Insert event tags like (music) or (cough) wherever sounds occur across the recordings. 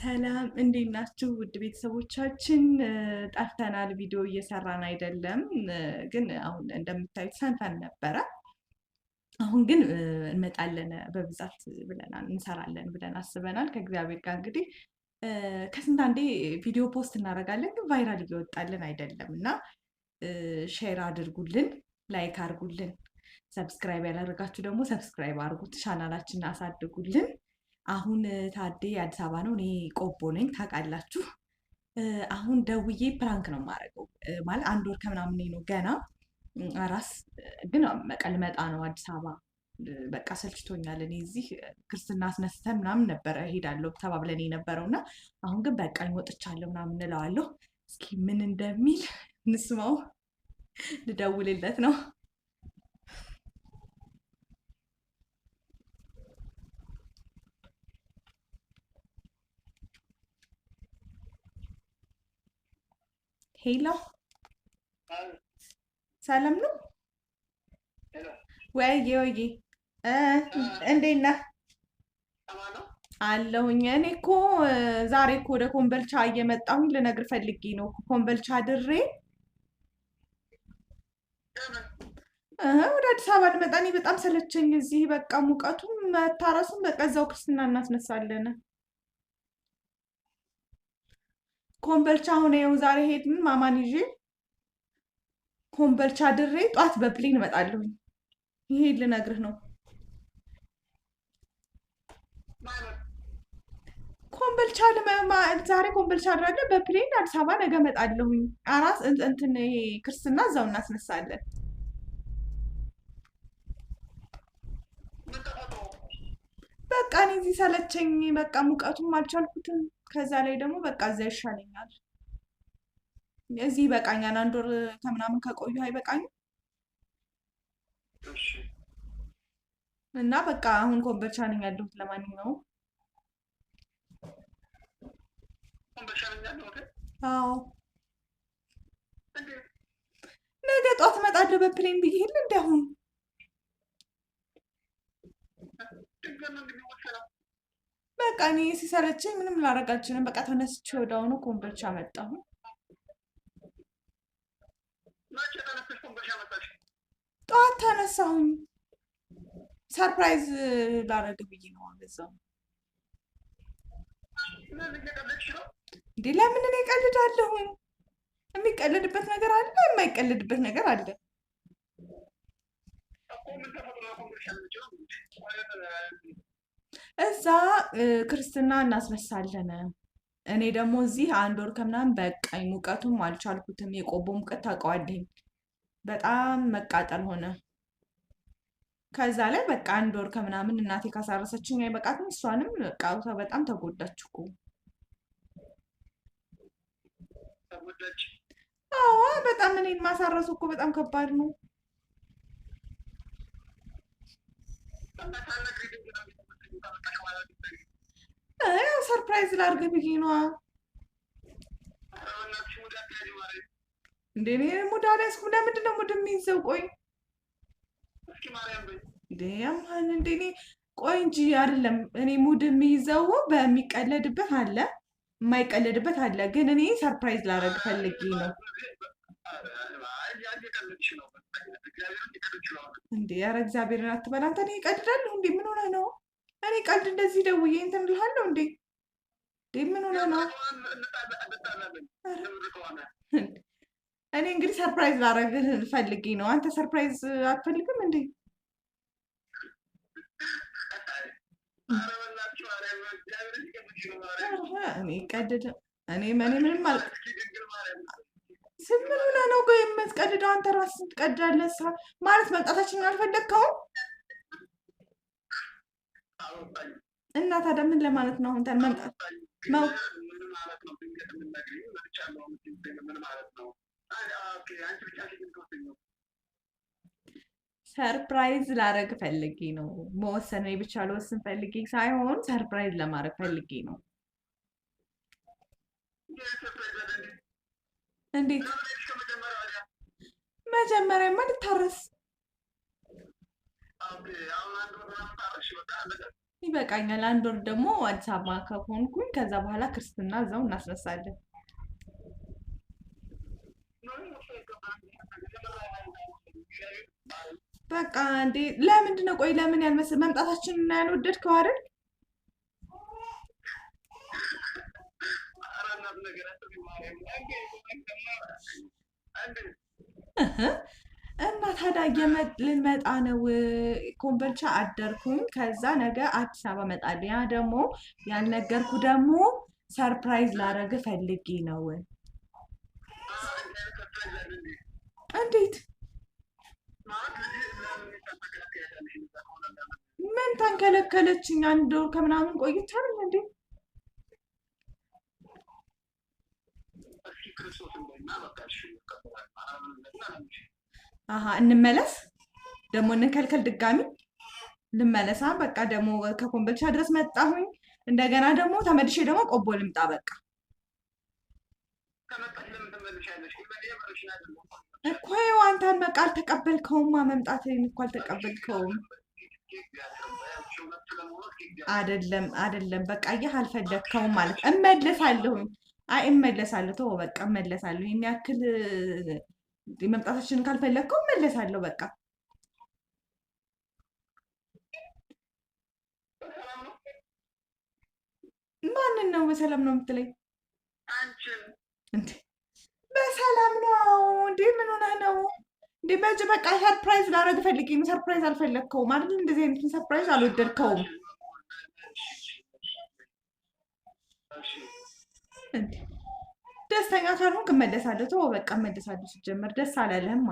ሰላም እንዴት ናችሁ? ውድ ቤተሰቦቻችን ጠፍተናል። ቪዲዮ እየሰራን አይደለም፣ ግን አሁን እንደምታዩት ሰንፈን ነበረ። አሁን ግን እንመጣለን በብዛት ብለናል፣ እንሰራለን ብለን አስበናል። ከእግዚአብሔር ጋር እንግዲህ ከስንት አንዴ ቪዲዮ ፖስት እናደርጋለን፣ ግን ቫይራል እየወጣልን አይደለም እና ሼር አድርጉልን፣ ላይክ አድርጉልን። ሰብስክራይብ ያላደረጋችሁ ደግሞ ሰብስክራይብ አድርጉት፣ ቻናላችንን አሳድጉልን። አሁን ታዴ አዲስ አበባ ነው፣ እኔ ቆቦ ነኝ። ታውቃላችሁ፣ አሁን ደውዬ ፕራንክ ነው የማደርገው። ማለት አንድ ወር ከምናምን ነው ገና ራስ ግን መቀልመጣ ነው አዲስ አበባ በቃ ሰልችቶኛል። እኔ እዚህ ክርስትና አስነስተን ምናምን ነበረ እሄዳለሁ ተባብለን የነበረው እና አሁን ግን በቃኝ ወጥቻለሁ ምናምን እንለዋለሁ። እስኪ ምን እንደሚል እንስማው፣ ልደውልለት ነው። ሄሎ፣ ሰላም ነው? ወይዬ ወይዬ፣ እንዴት ነህ? አለሁኝ። እኔ እኮ ዛሬ እኮ ወደ ኮምበልቻ እየመጣሁኝ ልነግርህ ፈልጌ ነው። ኮምበልቻ ድሬ ወደ አዲስ አበባ ልመጣ እኔ በጣም ሰለቸኝ እዚህ። በቃ ሙቀቱም መታረሱም በቃ እዛው ክርስትና እናስነሳለን። ኮምበልቻ ሆነ የው ዛሬ ሄድን ማማን ይዤ ኮምበልቻ ድሬ ጠዋት በፕሌን እመጣለሁ። ይሄ ልነግርህ ነው። ኮምበልቻ ዛሬ ኮምበልቻ አድራለ በፕሌን አዲስ አበባ ነገ እመጣለሁኝ። አራስ እንትን ይሄ ክርስትና እዛው እናስነሳለን። በቃ እኔ እዚህ ሰለቸኝ። በቃ ሙቀቱም አልቻልኩትም። ከዛ ላይ ደግሞ በቃ እዛ ይሻለኛል፣ እዚህ ይበቃኛል፣ አንድ ወር ከምናምን ከቆዩ አይበቃኝም። እና በቃ አሁን ኮምቦልቻ ነኝ ያለሁት። ለማንኛውም አዎ ነገ ጧት እመጣለሁ በፕሌን ብዬሽ የለ እንደ አሁን በቃ እኔ ሲሰለችኝ ምንም ላደርግ አልችልም። በቃ ተነስቼ ወዲያውኑ ኮምቦልቻ መጣሁ። ጠዋት ተነሳሁኝ። ሰርፕራይዝ ላደርግ ብዬ ነው አገዛው እንዴ ለምን እኔ ቀልዳለሁኝ? የሚቀልድበት ነገር አለ፣ የማይቀልድበት ነገር አለ። እዛ ክርስትና እናስነሳለን። እኔ ደግሞ እዚህ አንድ ወር ከምናምን በቃኝ፣ ሙቀቱም አልቻልኩትም። የቆቦ ሙቀት ታውቀዋለህ፣ በጣም መቃጠል ሆነ። ከዛ ላይ በቃ አንድ ወር ከምናምን እናቴ ካሳረሰችኝ አይበቃትም። እሷንም በቃ በጣም ተጎዳች እኮ አዎ፣ በጣም እኔን ማሳረሱ እኮ በጣም ከባድ ነው። ሰርፕራይዝ ላድርግ ብዬ ነዋ። እንደ እኔ ሙድ አልያዝኩም። ለምንድን ነው ሙድ የሚይዘው? ቆይ እንዴያማን እንደ ቆይ እንጂ አይደለም። እኔ ሙድ የሚይዘው በሚቀለድበት አለ፣ የማይቀለድበት አለ። ግን እኔ ሰርፕራይዝ ላደርግ ፈልጌ ነው። እንዴ ኧረ እግዚአብሔርን አትበል አንተ። እኔ እቀልዳለሁ እንዴ? ምን ሆነህ ነው? እኔ ቀልድ እንደዚህ ደውዬ እንትን እልሃለሁ እንዴ? ምን ሆነ ነው? እኔ እንግዲህ ሰርፕራይዝ ላረግህ ፈልጌ ነው። አንተ ሰርፕራይዝ አትፈልግም እንዴ? እኔ እኔ ምንም አል ስምን ሆነ ነው? ቆይ አንተ ራስህ ትቀልዳለህ። ማለት መምጣታችንን አልፈለግከውም እና ታዲያ ምን ለማለት ነው? አሁን ታዲያ መምጣት ሰርፕራይዝ ላረግ ፈልጌ ነው። መወሰን እኔ ብቻ ለወስን ፈልጌ ሳይሆን ሰርፕራይዝ ለማድረግ ፈልጌ ነው። እንዴት መጀመሪያ መጀመሪያማ ልታረስ ይበቃኛል። አንድ ወር ደግሞ አዲስ አበባ ከሆንኩኝ ከዛ በኋላ ክርስትና እዛው እናስነሳለን። በቃ እንዴ ለምንድን ነው ቆይ፣ ለምን ያልመስ መምጣታችን እና ያልወደድከው አይደል? እና ታዲያ ልመጣ ነው ኮምቦልቻ አደርኩኝ። ከዛ ነገ አዲስ አበባ እመጣለሁ። ያ ደግሞ ያልነገርኩ ደግሞ ሰርፕራይዝ ላረግ ፈልጌ ነው። እንዴት ምን ተንከለከለችኝ? አንድ ወር ከምናምን ቆይቻል እንዴ ክርስቶስ አሀ እንመለስ፣ ደግሞ እንከልከል፣ ድጋሚ ልመለሳ። በቃ ደግሞ ከኮምቦልቻ ድረስ መጣሁኝ። እንደገና ደግሞ ተመልሼ ደግሞ ቆቦ ልምጣ። በቃ እኮ አንተን በቃ አልተቀበልከውማ፣ መምጣቴን እኮ አልተቀበልከውም። አደለም አደለም በቃ እያህ አልፈለግከውም ማለት እመለሳለሁኝ። አይ እመለሳለሁ፣ ተወው በቃ እመለሳለሁ። የሚያክል መምጣታችንን ካልፈለግከው መለሳለሁ። በቃ ማንን ነው በሰላም ነው የምትለኝ? በሰላም ነው እንዴ? ምን ሆነህ ነው እንዴ? በእጅ በቃ ሰርፕራይዝ ላደርግ ፈልጌ ሰርፕራይዝ አልፈለግከውም አይደል? እንደዚህ አይነትን ሰርፕራይዝ አልወደድከውም። እንዴ ደስተኛ ካልሆንክ እመለሳለሁ። ተወው በቃ እመለሳለሁ። ሲጀመር ደስ አላለህማ።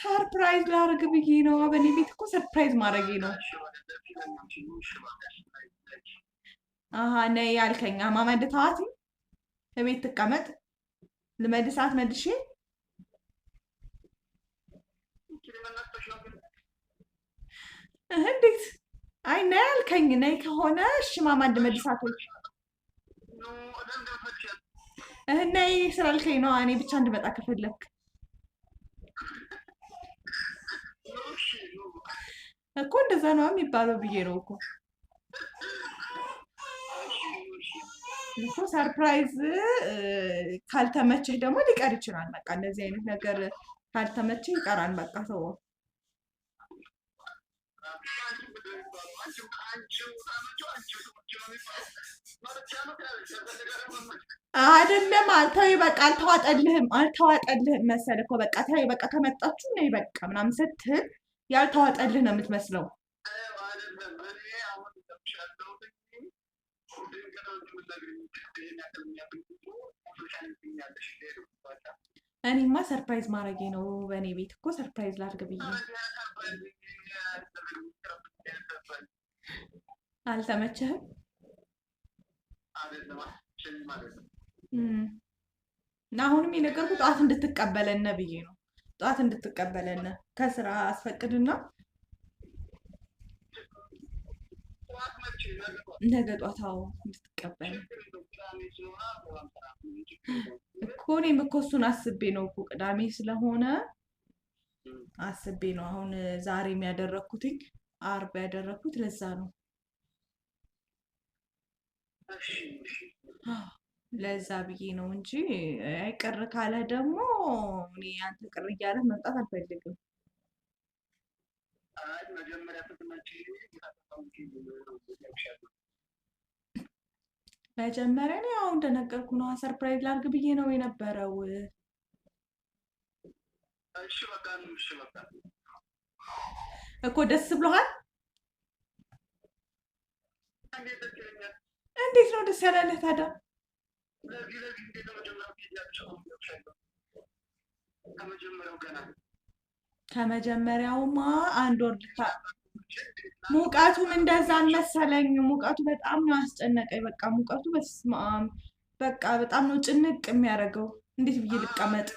ሰርፕራይዝ ላርግ ብዬ ነው። በእኔ ቤት እኮ ሰርፕራይዝ ማድረጌ ነው። አሀ ነይ ያልከኝ ማማ እንድታዋት እቤት ትቀመጥ ልመልሳት መልሼ እንዴት አይ ነይ አልከኝ። ነይ ከሆነ ሽማማ ማማ አንድ መድሳት ነይ ስላልከኝ ነው። እኔ ብቻ እንድመጣ ከፈለግ እኮ እንደዛ ነው የሚባለው ብዬ ነው እኮ እኮ ሰርፕራይዝ ካልተመቸህ ደግሞ ሊቀር ይችላል። በቃ እንደዚህ አይነት ነገር ካልተመቸህ ይቀራል። በቃ ተወው። የሚባለው አይደለም አልተው ይበቃ አልተዋጠልህም አልተዋጠልህም መሰል እኮ በቃ ተይ በቃ ከመጣችሁ ነው በቃ ምናምን ስትል ያልተዋጠልህ ነው የምትመስለው። እኔማ ሰርፕራይዝ ማድረጌ ነው። በእኔ ቤት እኮ ሰርፕራይዝ ላድርግ ብዬ አልተመቸህም? እና አሁንም የነገርኩህ ጠዋት እንድትቀበለነ ብዬ ነው። ጠዋት እንድትቀበለነ ከስራ አስፈቅድና ነገ ጧታው እንድትቀበል እኮ እኔም እኮ እሱን አስቤ ነው እኮ ቅዳሜ ስለሆነ አስቤ ነው። አሁን ዛሬ የሚያደረግኩትኝ አርብ ያደረኩት ለዛ ነው። ለዛ ብዬ ነው እንጂ ቅር ካለ ደግሞ እኔ አንተ ቅር እያለ መምጣት አልፈልግም። መጀመሪያ ነው ያው እንደነገርኩ ነው ሰርፕራይዝ ላርግ ብዬ ነው የነበረው። እሺ በቃ እሺ በቃ እኮ ደስ ብሎሃል? እንዴት ነው ደስ ያላለህ ታዲያ? ከመጀመሪያውማ አንድ ወር ሙቀቱም እንደዛ መሰለኝ። ሙቀቱ በጣም ነው ያስጨነቀኝ። በቃ ሙቀቱ በስመ አብ በቃ በጣም ነው ጭንቅ የሚያደርገው። እንዴት ብዬ ልቀመጥ?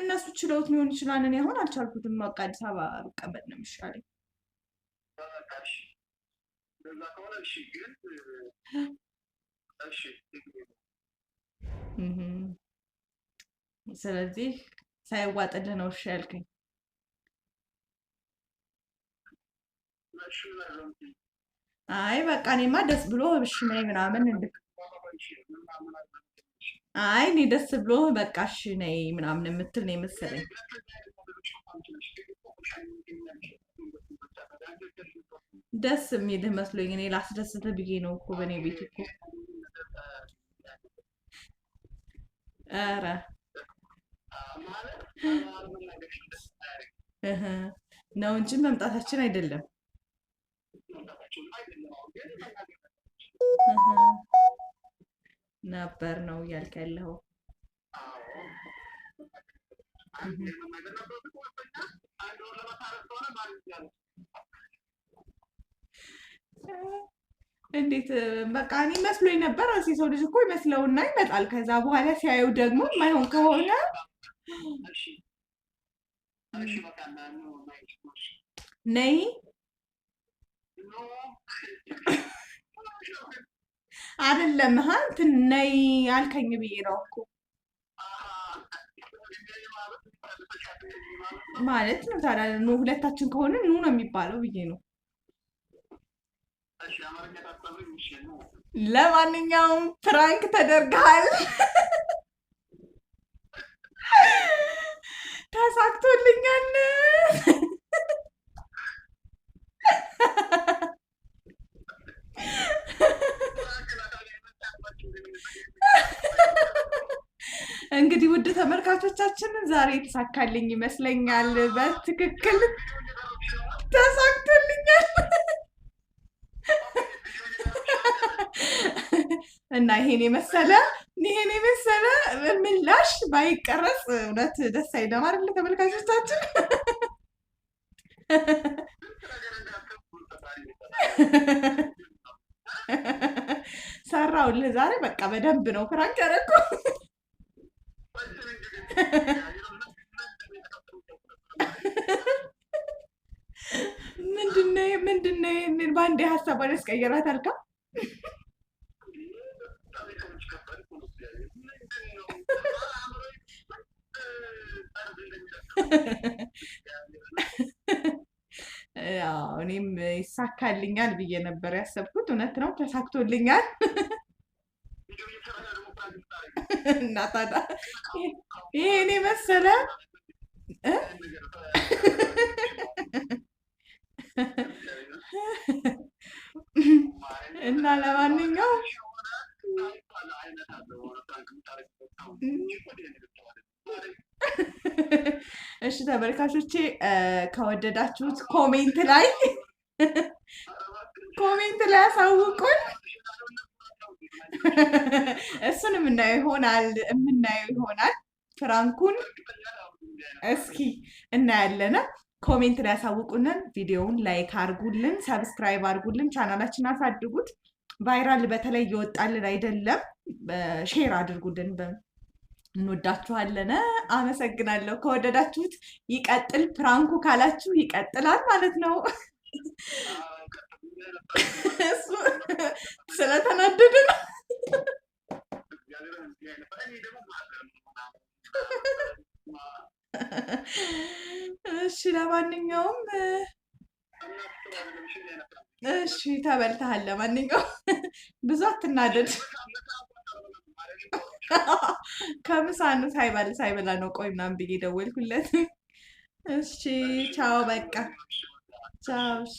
እነሱ ችለውት ሊሆን ይችላል። እኔ አሁን አልቻልኩትም። በቃ አዲስ አበባ ብቀመጥ ነው የሚሻለኝ። ስለዚህ ሳይዋጥልህ ነው እሺ ያልከኝ። አይ በቃ እኔማ ደስ ብሎ እሺ ነኝ ምናምን አይ እኔ ደስ ብሎ በቃሽ እሺ ነይ ምናምን የምትል ነው የመሰለኝ። ደስ የሚልህ መስሎኝ እኔ ላስደስትህ ብዬ ነው እኮ በእኔ ቤት እኮ። ኧረ ነው እንጂ መምጣታችን አይደለም። ነበር ነው እያልክ ያለው? እንዴት በቃ እኔ መስሎኝ ነበር። ሰው ልጅ እኮ ይመስለውና ይመጣል። ከዛ በኋላ ሲያየው ደግሞ የማይሆን ከሆነ ነይ አይደለም ሀ ነይ አልከኝ ብዬ ነው እኮ ማለት ነው። ታዲያ ሁለታችን ከሆነ ኑ ነው የሚባለው ብዬ ነው። ለማንኛውም ፕራንክ ተደርገሃል። ተመልካቾቻችንን ዛሬ የተሳካልኝ ይመስለኛል። በትክክል ተሳክቶልኛል እና ይሄን የመሰለ ይሄን የመሰለ ምላሽ ባይቀረጽ እውነት ደስ አይልም አይደል? ተመልካቾቻችን ሰራውልህ ዛሬ በቃ በደንብ ነው ፍራንክ ያደረኩ። ምንድነው ምንድነው? ይህንን በአንዴ ሀሳቧን ያስቀየራት አልካ (laughs) እኔም ይሳካልኛል ብዬ ነበር ያሰብኩት። እውነት ነው፣ ተሳክቶልኛል። እና ታዲያ ይሄ እኔ መሰለ እና ለማንኛውም እሺ ተመልካቾቼ ከወደዳችሁት ኮሜንት ላይ ኮሜንት ላይ አሳውቁ። የምናየው ይሆናል የምናየው ይሆናል። ፍራንኩን እስኪ እናያለን። ኮሜንት ላይ ያሳውቁንን። ቪዲዮውን ላይክ አርጉልን፣ ሰብስክራይብ አርጉልን፣ ቻናላችን አሳድጉት። ቫይራል በተለይ እየወጣልን አይደለም፣ ሼር አድርጉልን። እንወዳችኋለን። አመሰግናለሁ። ከወደዳችሁት ይቀጥል፣ ፕራንኩ ካላችሁ ይቀጥላል ማለት ነው። ስለተናደድ ነው። እሺ ለማንኛውም እሺ ተበልተሃል። ለማንኛውም ብዙ አትናደድ። ከምሳኑ ሳይበል ሳይበላ ነው ቆይ ምናምን ብዬ ደወልኩለት። እሺ ቻው፣ በቃ ቻው። እሺ